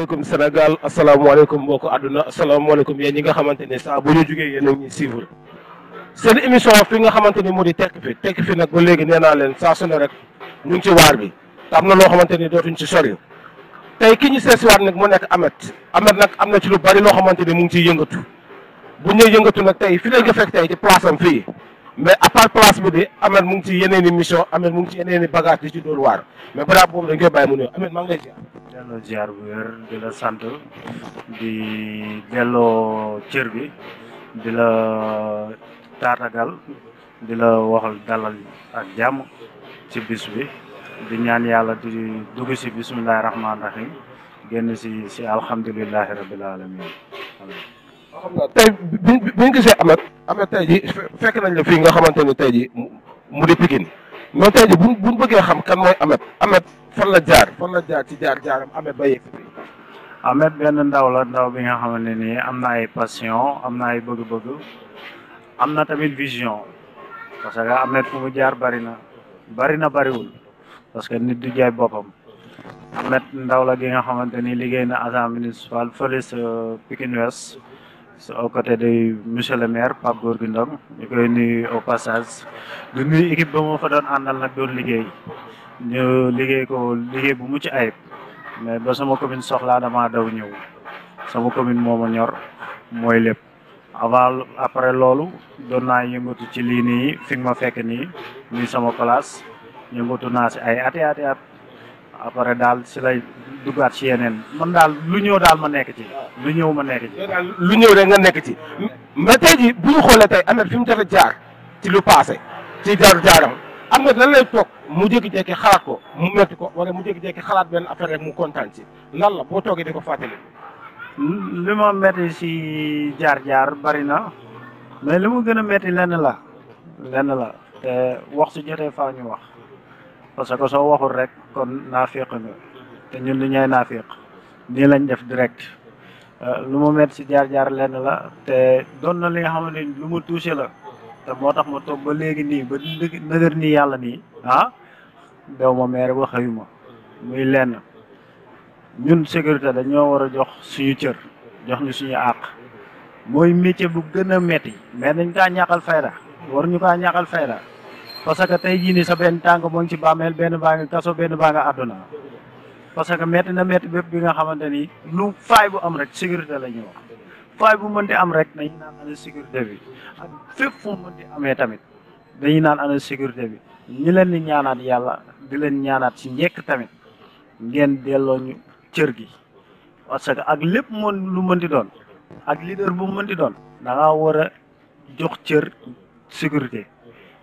asalaamaaleykum Sénégal asalaamaaleykum mbokk àdduna asalaamaaleykum yéen ñi nga xamante ne saa bu ñu jógee yéen a ngi suivre seen nga xamante ni moo di tekk tekk fi nag ba léegi nee naa leen saa rek ñu ngi ci waar bi am na loo xamante ni dootuñ ci sori tey ki ñu seesiwaat nag mu nekk Ameth Ameth nag am na ci lu bari loo xamante ni mu ngi ciy yëngatu bu ñuy yëngatu nag tey fi lañ ko mu ngi ci i mission Ameth mu ngi ci i bagage di ci dóor waar mais balaa boobu dañ koy mu nuyu Ameth maa ngi lay ziar delloo ziar bu wér di la sant di delloo cër bi di la taatagal di la waxal dalal ak jàmm ci bis bi di ñaan yàlla di dugg si bisimilahi génn si si alhamdulilahi tey bi ñu gisee Ameth Ameth tey ji fekk nañ la fii nga xamante ni tey ji mu di Pikine mais tey ji bu buñ bëggee xam kan mooy Ameth Ameth fan la jaar fan la jaar ci jaar jaaram Ameth ba yegg si Ameth benn ndaw la ndaw bi nga xamante ni am na ay passion am na ay bëgg-bëgg am na tamit vision parce que Ameth fu mu jaar bari na bari na bariwul parce que ni di jaay boppam Ameth ndaw la gi nga xamante ni liggéey na agent municipal fële sa West au côté de monsieur le maire Pape Gorgui Ndong ñu koy nuyu au passage du nuyu équipe ba moo fa doon àndal nag doon liggéey ñu liggéey ko liggéey bu mucc ay mais ba sama commune soxlaa damaa daw ñëw sama commune moo ma ñor mooy lépp avant après loolu doon naa yëngatu ci lii nii fi ma fekk nii muy sama place yëngatu naa si ay ati ati at après daal si lay duggaat si yeneen man daal lu ñëw daal ma nekk ci. lu ñëw ma nekk ci. lu ñëw rek nga nekk ci. mais tey jii bu ñu xoolee tey Ameth fi mu dafa jaar ci lu passé ci jaaru jaaram am nga lan lay toog mu jékki-jékki xalaat ko mu metti ko wala mu jékki-jékki xalaat benn affaire rek mu kontaan ci lan la boo toogee di ko fàttali. li ma metti si jaar jaar bari na mais li ma gën a metti lenn la lenn la te wax su jotee faa ñu wax. parce que soo waxul rek kon naafiq nga te ñun li ñooy naafiq nii lañ def direct euh, lu mu met ci jaar-jaar lenn la te doon na li nga xamante ni lu mu touché la te moo tax ma toog ba léegi nii ba nëgër nii yàlla nii ah daw ma meer ba xëyuma muy lenn ñun sécurité dañoo war a jox suñu cër jox ñu suñu àq mooy métier bu gën a metti mais dañ kaa ñàkkal fayda war ñu kaa ñàkkal fayda parce que tey jii nii sa benn tànk moo ngi ci bàmmeel benn baa ngi kaso benn baa nga àdduna parce que métti na métti bépp bi nga xamante ni lu faay bu am rek sécurité la ñuy wax faay bu mënti am rek dañu naan ana sécurité bi ak fépp fu mënti amee tamit dañu naan ana sécurité bi ñi leen di ñaanaat yàlla di leen ñaanaat ci njëkk tamit ngeen delloo ñu cër gi parce que ak lépp mën lu mënti doon ak leader bu mënti doon da ngaa war a jox cër sécurité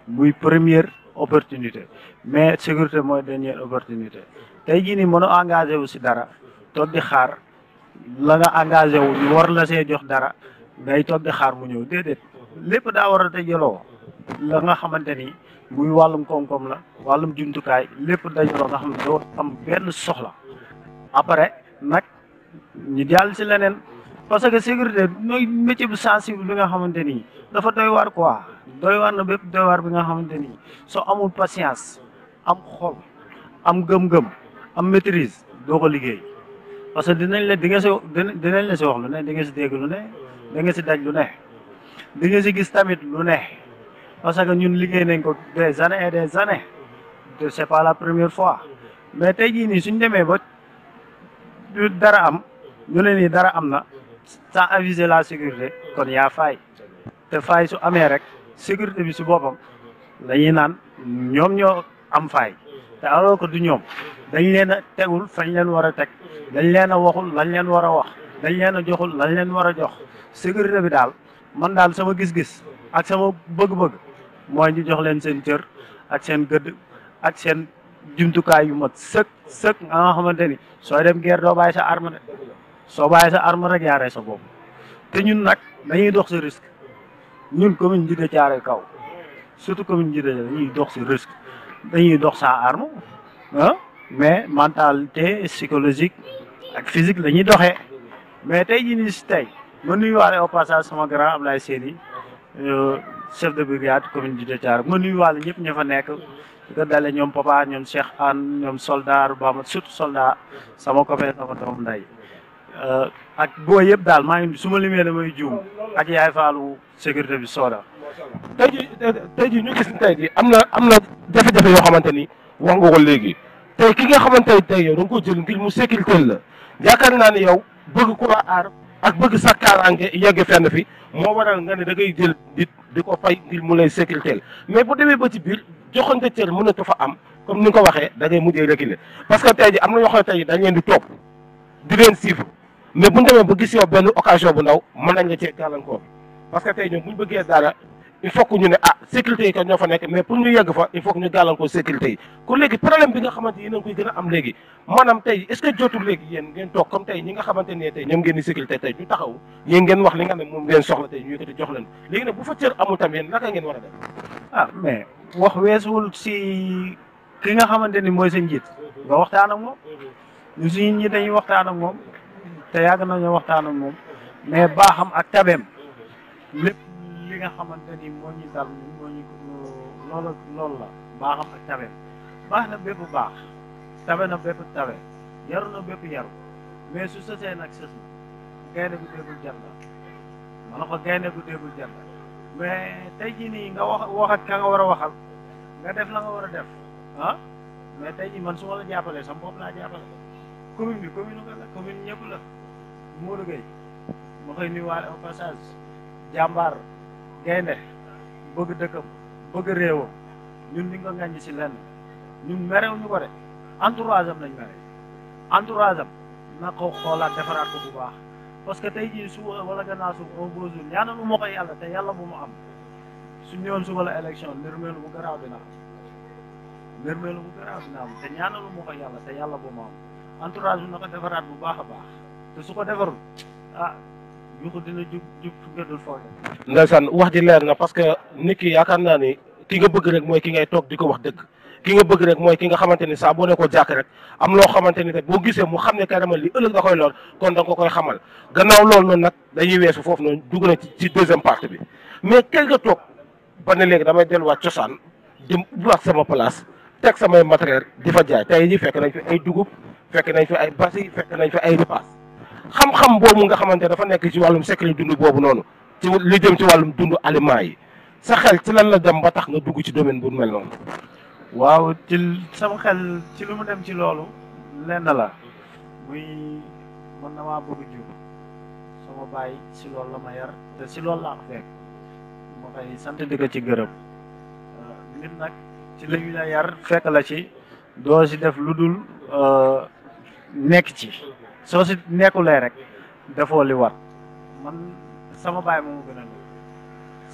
muy première opportunité mais sécurité mooy dernière opportunité tey ji ni mënu engagé wu si dara toog di xaar la nga engagé wu ñu war la see jox dara ngay toog di xaar mu ñëw déedéet lépp daa war a dajaloo la nga xamante ni muy wàllum koom-koom la wàllum jumtukaay lépp dajaloo nga xam ne doo am benn soxla après nag ñu jàll si leneen. parce que sécurité mooy métier bu sensible bi nga xamante ni dafa doy waar quoi doy waar na bépp doy waar bi nga xamante ni soo amul patience am xol am gëm-gëm am maîtrise doo ko liggéey parce que dinañ la di nga si dinañ la si wax lu ne di nga si dégg lu ne di nga si daj lu ne di nga si gis tamit lu ne parce que ñun liggéey nañ ko des années des années te c'est pas la première fois mais tey jii nii suñ demee ba dara am ñu ne nii dara am na. sans aviser la sécurité kon ya faay te faay su amee rek sécurité bi si boppam dañuy naan ñoom ñoo am faay te alors que du ñoom dañ leen a tegul fañ leen war a teg dañ leen a waxul lañ leen war a wax dañ leen a joxul lañ leen war a jox sécurité bi daal man daal sama gis-gis ak sama bëgg-bëgg mooy ñu jox leen seen cër ak seen gëdd ak seen jumtukaay yu mat sëkk sëkk nga xamante ni sooy dem guerre doo bàyyi sa arme de soo bàyyi sa arme rek yaaree sa boobu te ñun nag dañuy dox si risque ñun commune Djidah Thiaroye Kaw surtout commune Djidah dañuy dox si risque dañuy dox sa arme ah mais mentalité psychologique ak physique la ñuy doxee mais tey jii nii si tey ma nuyuwaale au passage sama grand Ablaye Seyni euh, chef de brigade commune Djidah Thiaroye ma nuyuwaale ñëpp ña fa nekk di ñoom papa ñoom Cheikh Anne ñoom soldat Bama surtout soldat sama copain sama doom nday Euh, ak boo yëpp daal maa ngi su ma limee damay juum ak yaay faalu sécurité bi sooda. tey jii tey jii ñu gis ni tey jii am na am na jafe-jafe yoo xamante ni wax nga ko léegi tey ki nga xamante ni tey yow da nga jël ngir mu sécurité la yaakaar naa ne yow bëgg ku la ak bëgg sa kaaraange yegg fenn fi moo waral nga ne da ngay jël nit di ko fay ngir mu lay sécurité mais bu demee ba ci biir joxante cër mënatu fa am comme ni nga ko waxee da ngay mujjee reculer parce que tey jii am na yoo tey dañ leen di topp di leen suivre. mais bu ñu demee ba gis yow benn occasion bu ndaw mën nañ la cee gàllankoor parce que tey ñoom bu ñu bëggee dara il faut que ñu ne ah sécurité yi kat ñoo fa nekk mais pour ñu yegg fa il faut que ñu gàllankoor sécurité yi. kon léegi problème bi nga xamante yéen a ngi koy gën a am léegi maanaam tey est ce ngeen ne tey ñoom ngeen di sécurité tey ñu taxaw yéen ngeen wax li nga ne moom ngeen soxla tey ñu yëkkati jox leen léegi nag bu fa cër amul tam yéen naka ngeen war a ah mais wax weesuwul si ki nga xamante ni mooy sa njiit nga waxtaan ak moom ñu suñu njiit dañuy waxtaan ak moom te yàgg nañu waxtaan ak moom mais baaxam ak tabeem lépp li nga xamante ni moo ñu dal moo ñu loolu loolu la baaxam ak tabeem baax na bépp baax tabe na bépp tabe yaru na bépp yaru mais su sësee nag sës na gaynde gu déggul jar la ma ne ko gaynde gu déggul jar la mais tey jii nii nga wax wax ka nga war a waxal nga def la nga war a def ah mais tey jii man su la jàppalee sama bopp laa jàppale commune bi commune nga la commune la Modou Gueye ma koy nuyuwaale au passage jàmbaar gaynde bëgg dëkkam bëgg réewam ñun ñu ngi ko si lenn ñun merew ñu ko de entourage am lañ mere entourage na ko xoolaat defaraat ko bu baax parce que tey jii suba wala gannaaw suba ñaana beau jour ko yàlla te yàlla bu mu am su ñëwoon suba la élection nërmeelu bu garaaw dina am nërmeelu bu garaaw dina am te ko yàlla te yàlla bu mu am bi na ko defaraat bu baax a baax su ko defarul ah yuuxu dina jub jub fu ngeen wax ji leer na parce que nit ki yaakaar naa ni ki nga bëgg rek mooy ki ngay toog di ko wax dëgg ki nga bëgg rek mooy ki nga xamante ni saa boo ne ko jàkk rek am loo xamante ni rek boo gisee mu xam ne carrément li ëllëg da koy lool kon da nga ko koy xamal gannaaw lool noonu nag dañuy weesu foofu noonu dugg na ci deuxième partie bi mais kel nga toog ba ne léegi damay delluwaat cosaan di ubbiwaat sama place teg samay matériel di fa jaay tey ji fekk nañ fi ay dugub fekk nañ fi ay basi fekk nañ fi ay ripaas xam-xam boobu nga xamante dafa nekk ci wàllum secret dund boobu noonu ci li dem ci wàllum dund aliment yi sa xel ci la dem ba tax dugg ci domaine bu mel noonu. waaw ci sama xel ci dem ci loolu lenn la muy man na maa bëgg jub sama bàyyi si loolu la ma yar te si loolu laa fekk ma koy sant di ci gërëm nit nag ci la ñu yar fekk la ci doo si def lu dul euh, nekk ci soo si nekkulee rek dafoo li war man sama baay moo ma gën a lool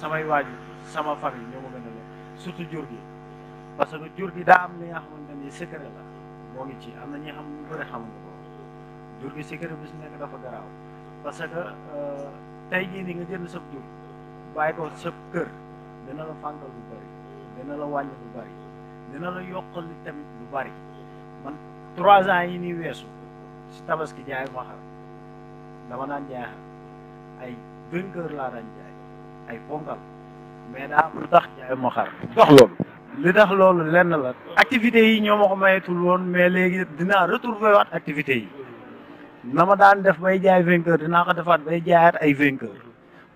samay waajur sama yi ñoo ma gën a lool surtout jur gi parce que jur gi daa am li nga xamante ni secret la moo ngi ci am na ñi xam ñu bëri xamuñu ko jur gi secret bi si nekk dafa garaaw parce que euh, tey jii ni nga jënd sa jur bàyyi ko sa kër dina la fànkal lu bëri dina la wàññi lu bëri dina la yokkal tamit lu bëri man trois ans yi nii weesu si tabaski jaay ma dama naan jaay xar ay vingt heures laa daan jaay ay ponkal mais daa lu tax jaay ma xar loolu li tax loolu lenn la activités yi ñoo ma ko mayetul woon mais léegi dinaa retrouver waat activités yi na ma daan def bay jaay vingt heures dinaa ko defaat bay jaayaat ay vingt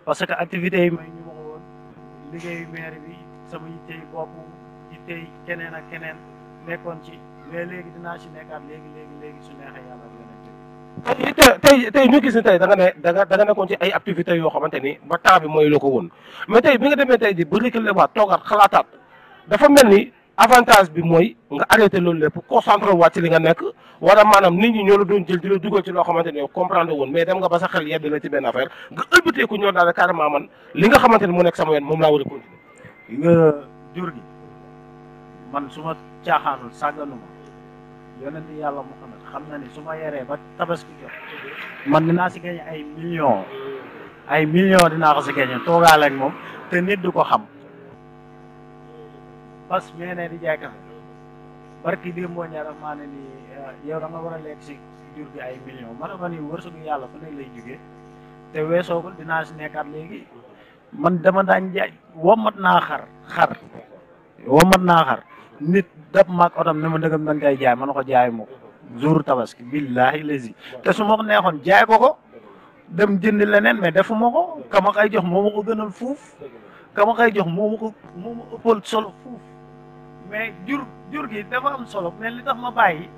parce que activités yi may ñu ma woon liggéeyu maire bi sama yittey bopp yittey keneen ak keneen nekkoon ci mais léegi dinaa ci nekkaat léegi léegi léegi tey tey ñu gis ni tey danga ne da nga da nekkoon ci ay activités yoo xamante ni ba temps bi mooy la ko woon mais tey bi nga demee tey ji ba récule waat toogaat xalaataat dafa mel ni avantage bi mooy nga arrêté loolu lépp concentré waat ci li nga nekk wala maanaam nit ñi ñoo la doon jël di la dugal ci loo xamante ni comprendre woon mais dem nga ba sa xel yebbi la ci benn affaire nga ëlbateeku ñoo daal carrément man li nga xamante ni mu nekk sama yoon moom laa war ma caaxaanul sàgganuma yonent yàlla mu xam na ni su ma yoree ba tabaski jot man dinaa si gañe ay millions ay millions dinaa ko si gañe toogaale ak moom te nit du ko xam bas mee ne di jaay kafe barki di moo ñaar maa ne ni eh, war a yàlla fu ne lay jógee te weesoogul dinaa si nekkaat léegi man dama daan jaay womat naa xar xar womat naa xar nit dab maag otam ne ma dëggam danga koy jaay ma ne ko jaay moo jour tabaski billahi lazi te su ma neexoon jaay ko dem jënd leneen mais defu ma ko jox moo ma ko gënal fuuf jox moo ko moo solo jur jur gi dafa am solo mais li tax ma bàyyi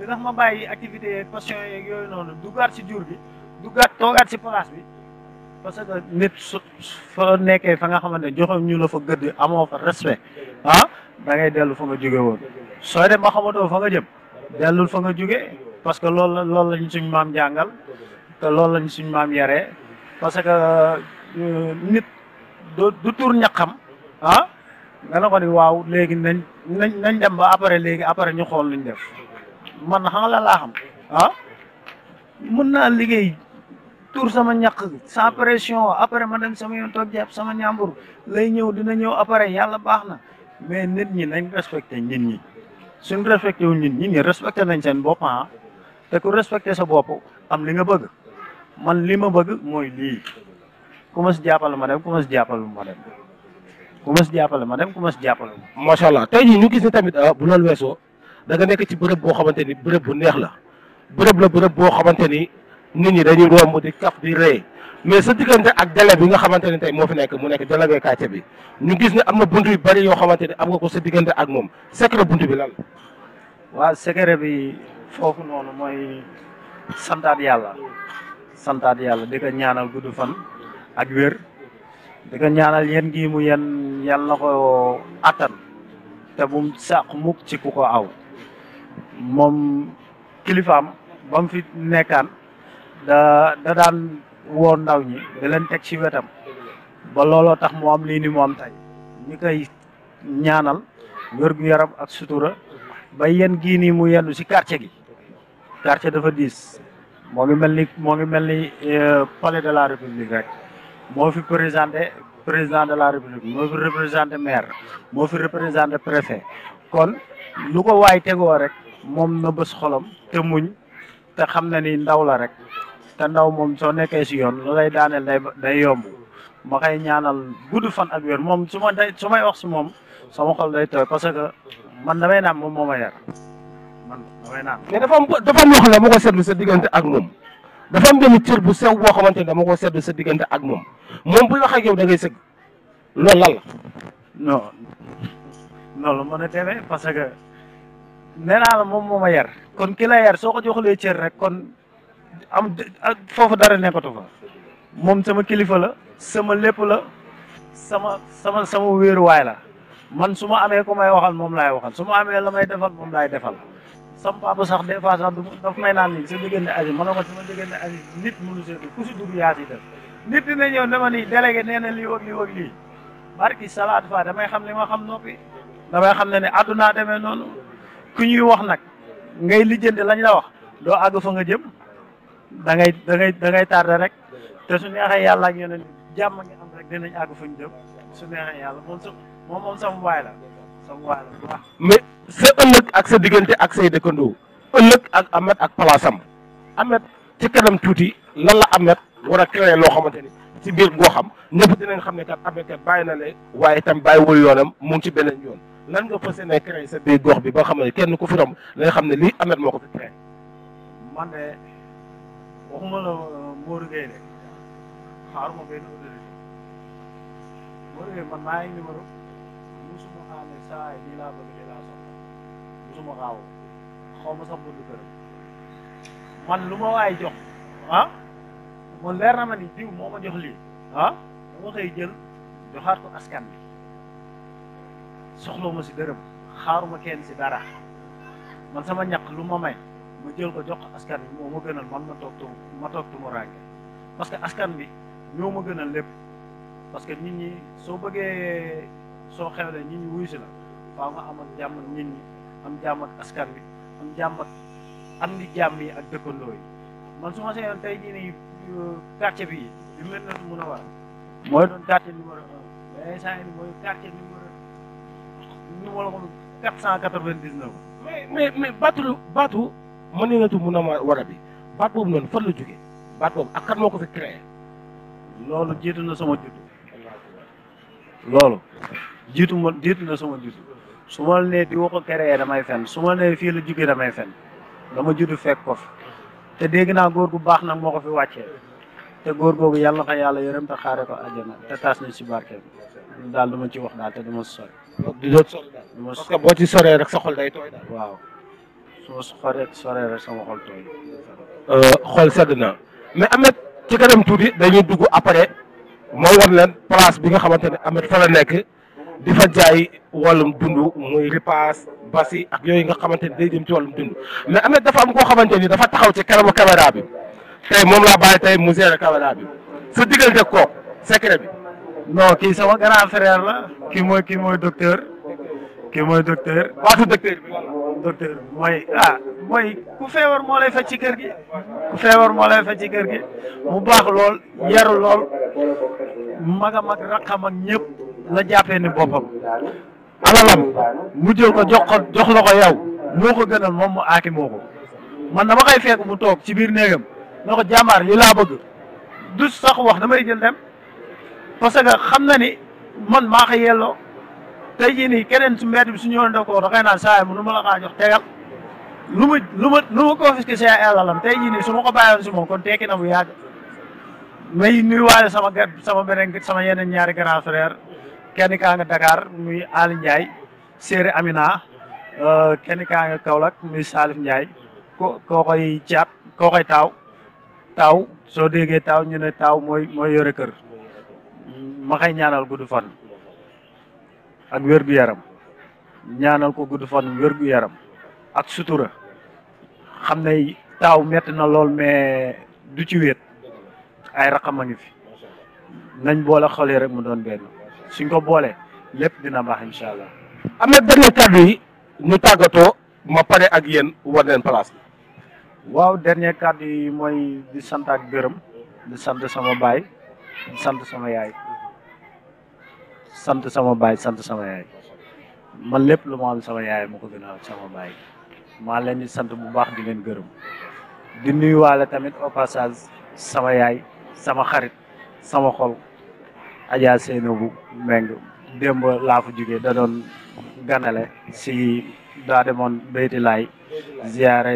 li ma bàyyi activité yeeg passion yeeg yooyu noonu duggaat si jur gi duggaat toogaat si place bi parce que nit su fa nekkee fa nga xamante ne joxoon ñu la fa gëdd amoo fa respect ah da ngay dellu fa nga jóge woon sooy dem ba xamatoo fa nga jëm. dellul fa nga jóge parce que loolu la loolu lañu suñ maam jàngal te loolu lañ suñ maam yaree parce que euh, nit du tur ñaqam ah nga na ko waaw léegi nañ nañ nañ dem ba après léegi après ñu xool luñ def man xam la laa xam ah mën naa liggéey tour sama ñaq sans pression après ma dem sama yoon toog jàpp sama ñàmbur lay ñëw dina ñëw après yàlla baax na mais nit ñi nañ respecté nit ñi suñ respecté wuñ ñun nit ñi respecté nañ seen bopp ah te ku respecté sa bopp am li nga bëgg man li ma bëgg mooy lii ku ma si jàppale ma dem ku ma si jàppale ma dem ku ma si jàppale ma dem ku ma si macha allah tey jii ñu gis ne tamit ah, bu loolu weesoo da nga nekk ci bërëb boo xamante ni bërëb bu neex la bërëb la bërëb boo xamante ni nit ñi dañuy romb di kap di ree mais sa diggante ak délai bi nga xamante ne tey moo fi nekk mu nekk délégué quartier bi ñu gis ne am na bunt yu bari yoo xamante ne am nga ko sa diggante ak moom secret bunt bi lan la. waaw bi foofu noonu mooy santaat yàlla santaat yàlla di ko ñaanal gudd fan ak wér di ñaanal yéen gii mu yéen yàlla na attan te bu mu sàq mukk ci ku ko aw moom kilifaam ba fi nekkaan. da daan woo ndaw ñi da leen teg ci wetam ba looloo tax mu am lii ni mu am tey ñu koy ñaanal wér-gu-yaram ak sutura ba yen gii nii mu yendu ci quartier gi quartier dafa diis moo ngi mel ni moo ngi mel ni euh, palais de la république rek moo fi présenté président de la république moo fi représenté maire moo fi représenté préfet kon lu ko waay tegoo rek moom na bës xolom te muñ te xam na ni ndaw la rek te ndaw moom soo nekkee si yoon lu lay day day yomb ma koy ñaanal gudd fan ak wér moom su ma day su may wax si moom sama xol day tooy parce que man damay naan moom moo ma yar man damay naan. mais dafa am dafa am loo xam sa diggante ak moom dafa am benn cër bu sew boo xamante ne dama ko seetlu sa diggante moo moom moom buy wax ak yow da la. non loolu a demee que nee naa kon ki la yar soo ko joxulee cër rek am ah, foofu dara nekkatu fa moom sama kilifa la sama lépp la sama sama sama wéeruwaay la man su ma amee ku may waxal moom laay waxal su ma amee la may defal moom laay defal sama papa sax des fois sax du daf may naan ni sa diggante Aziz ma ne ko sama diggante Aziz nit mënu seetu ku si dugg yaa si def nit dina ñëw ne ma ni délégué nee na lii wëg lii wëg lii barki salaat fa damay xam ne ma xam noppi damay xam ne ne àddunaa demee noonu ku ñuy wax nag ngay lijjante lañ la wax doo nga jëm da ngay da ngay da ngay tardé rek te su neexee yàlla ak yeneen jàmm ngi am rek dinañ àgg fuñ jëm su neexee yàlla moom sa moom moom sama waay la mais sa ëllëg ak sa diggante ak say dëkkandoo ëllëg ak Ahmed ak palaasam Ahmed ci kanam tuuti lan la Ahmed war a créer loo xamante ni ci biir goo xam ñëpp dinañ xam ne kat Ahmed kat bàyyi na le waaye itam bàyyiwul yoonam moom ngi ci beneen yoon lan nga fas yéene créer sa biir gox bi ba nga xam ne kenn ku fi romb la xam ne lii Ahmed moo ko fi waxuma la Modou Gueye de xaar ma benn autorité Modou Gueye man maa ngi numéro musuma xaar saa yi lii laa bëgg de soxla musuma xaaw xaw ma sax bëgg man lu ma waay jox ah man leer na ma ni moo ma jox lii ah dama koy jël joxaat ko askan bi soxla ma si dërëm xaaruma kenn si dara man sama ñaq lu ma may ma jël ko jox askan bi moo ma gënal man ma toog tu ma toog tumuraange parce que askan bi ñoo ma gënal lépp parce que nit ñi soo bëggee soo xewlee nit ñi wuyu si la faaw nga am jàmm nit ñi am jàmm ak askan bi am jàmm ak am di jàmm yi ak dëkkandoo yi man su ma seyoon tey jii nii euh, quartier bi bi mel na mën a mooy doon quartier numéro mais mooy quartier numéro numéro mais mais mais Batou man Madinatu Munawwara war a bi baat boobu noonu fan la jógee baat boobu ak kan moo ko fi créé. loolu jiitu na sama judd. loolu jiitu ma jiitu na sama judd su ma nee di woo ko créé damay fen su ma nee fii la jógee damay fen dama judd fekk ko fi te dégg naa góor gu baax nag moo ko fi wàccee te góor googu yàlla ko yàlla yërëm te xaare ko àjjana te taas nañ si barkeem daal dama ci wax daal te dama sori. du doon sori daal parce que boo ci soree rek sa xol day tooy waaw. suma xoree soree sama xol tooy. Euh, xol sedd na mais Ameth ci kanam tuuti dañuy dugg après moo war leen place bi nga xamante ne Ameth fa la nekk di fa jaay wàllum dund muy ripaas basi ak yooyu nga xamante ni day jëm ci wàllum dund mais Ameth dafa am koo xamante ni dafa taxaw ci kanamu caméra bi tey moom laa bàyyi tey mu gérer caméra bi sa diggante kooku secret bi. non kii sama grand frère la. kii mooy kii mooy docteur. kii mooy docteur. waatu docteur bi. mooy ah mooy ku feebar moo lay faj ci kër gi. feebar moo ci kër gi mu baax lool yaru lool mag a mag raqam ak ñëpp la jàppee ni boppam. alalam mu jël ko jox la ko yow moo ko gënal moom mu aaki moo ko man dama koy fekk mu toog ci biir néegam na ko jàmbaar li laa bëgg du sax wax damay jël dem parce que xam na ni man maa ko yelloo. tey jii nii keneen su mbedd su ñëwoon da koo da naan saa yi mënu ma la kaa jox lu ma lu ma lu ma tey jii nii su ma ko bàyyoon si moom kon tekki na mu yàgg may nuyuwaale sama gerte sama beneen yeneen ñaari grand frère kenn kaa nga dakaar muy Ali Ndiaye Séeri Amina euh, kenn kaa nga Kaolack muy Salif Ndiaye ko koo taaw taaw soo déggee taaw ñu ne taaw mooy mooy yore kër ma koy ñaanal gudd fan. ak wér-gu-yaram ñaanal ko gudd fan wér-gu-yaram ak sutura xam ne taaw metti na lool mais du ci wéet ay raqam a ngi fi nañ boole xoolee rek mu doon benn suñ ko boolee lépp dina baax incha allah. am na dernier kàddu yi ñu tàggatoo ma pare ak yéen war leen place bi. waaw dernier kàddu yi mooy di sant ak gërëm di sant sama baay di sant sama yaay. sant sama baay sant sama yaay man lépp lu ma am sama yaay ma ko a sama baay maa leen di sant bu baax di leen gërëm di nuyuwaale tamit au passage sama yaay sama xarit sama xol Adja Seynabou Meng démb laa fa jógee da doon ganale si daa demoon bayti laay ziyaare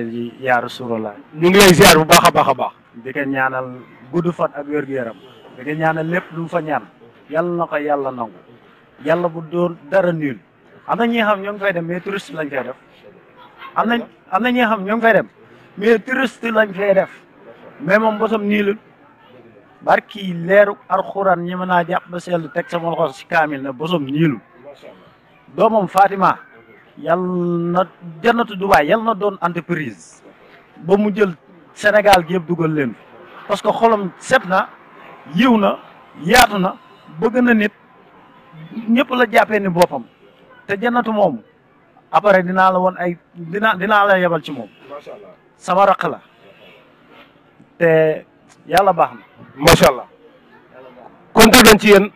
yaaru suro la ñu ngi lay ziyaar bu baax a baax a baax di ko ñaanal gudd fan ak wér-gu-yaram di ko ñaanal lépp lu fa ñaan yàlla na ko yàlla nangu yàlla bu doon dara nul am na ñi xam ñoo ngi fay dem mais touriste lañ fay def am nañ am na ñi nga xam ñoo ngi fay dem mais touriste lañ fay def mais moom bosam niilul barki leeru alxuraan ñi ma naa jàpp ba seetlu teg sama loxo si kaamil na bosam niilul doomam Fatima yàlla na jannatu Dubaay yàlla na doon entreprise ba mu jël Sénégal gi yëpp dugal leen parce que xolam set na yiw na yaatu na bëgg na nit ñëpp la jàppee ni boppam te janatu moom après dinaa la woon ay dinaa dinaa la yebal ci moom sama raq la te yàlla baax na macha allah kontaan nañ ci yéen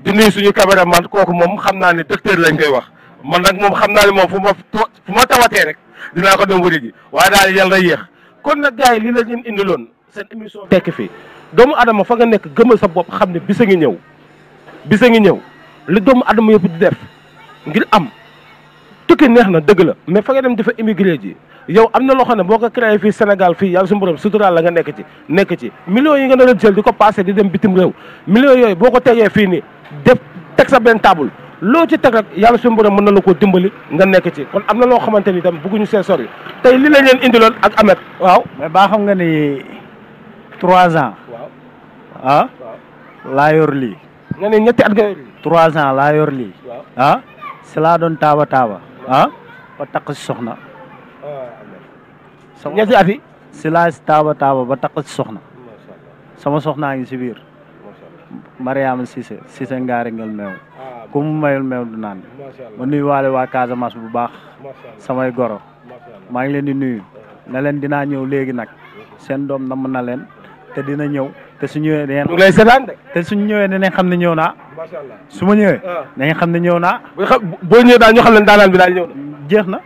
di nuyu suñu caméraman kooku moom xam naa ne docteur lañ koy wax man nag moom xam naa ne moom fu ma fu ma tawatee rek dinaa ko dem wëri ji waaye daal yàlla yéex kon nag gars yi lii la leen indiloon seen émission tekki fii doomu adama fa nga nekk gëmal sa bopp xam ne bisa ngi ñëw bisa ngi ñëw lu doomu adama yëpp di def ngir am tukki neex na dëgg la mais fa nga dem dafa immigré ji yow am na loo xam ne boo ko créé fii Sénégal fii yàlla suñu borom suturaal la nga nekk ci nekk ci millions yi nga nar a jël di ko passé di dem bitim réew millions yooyu boo ko tegee fii nii def teg sa benn table loo ci teg rek yàlla suñu borom mën na la koo dimbali nga nekk ci kon am na loo xamante ni tam bëgguñu see sori tey li lañ leen indiloon ak Ameth waaw mais baa nga ni trois ans ah yor lii nga ne ñetti trois ans laa yor lii ah si doon taaba taaba ah ba takk si soxna ñetti at yi si laa ba takk si soxna sama soxnaa ngi si biir Mariama Cissé Cissé ngaari ngel meew ah, ku mu mayul meew du naan ma nuyu waale waa Casamance bu baax samay goro maa ngi leen di nuyu ah. ne leen dinaa ñëw léegi nag seen doom namm na leen te dina ñëw te su ñëwee ne ñu xam ne ñëw naa. macha su ma ñëwee. waaw ah. xam ne ñëw naa. bu xam boo ñëw daal ñu xam ne daanaan bi daal ñëw jeex na.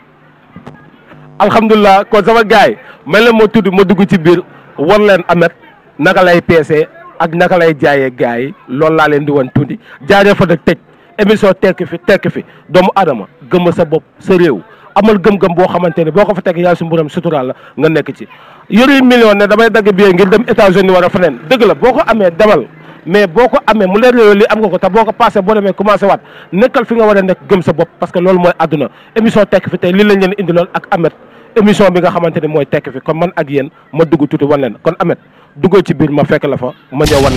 alhamdulilah kon sama gaay mel na moo tudd ma dugg ci biir war leen amet naka lay peese ak naka lay jaaye gars yi loolu laa leen di wan tuuti jaajëfal ak tëj émission tekki fi tekki fi doomu adama gëmm sa bopp sa réew. amal gëm-gëm boo xamante ne boo ko fa teg yaay su mburam suturaal la nga nekk ci yore million ne damay dagg billet ngir dem États-Unis war a feneen dëgg la boo ko amee demal mais boo ko amee mu leer loolu li am nga ko te boo ko passé boo demee commencé waat nekkal fi nga war a nekk gëm sa bopp parce que loolu mooy àdduna émission tekk fi tey li lañ leen indiloon ak Ameth émission bi nga xamante ne mooy tekk fi kon man ak yéen ma dugg tuuti leen kon Ameth duggal ci biir ma fekk la fa ma ñëw wan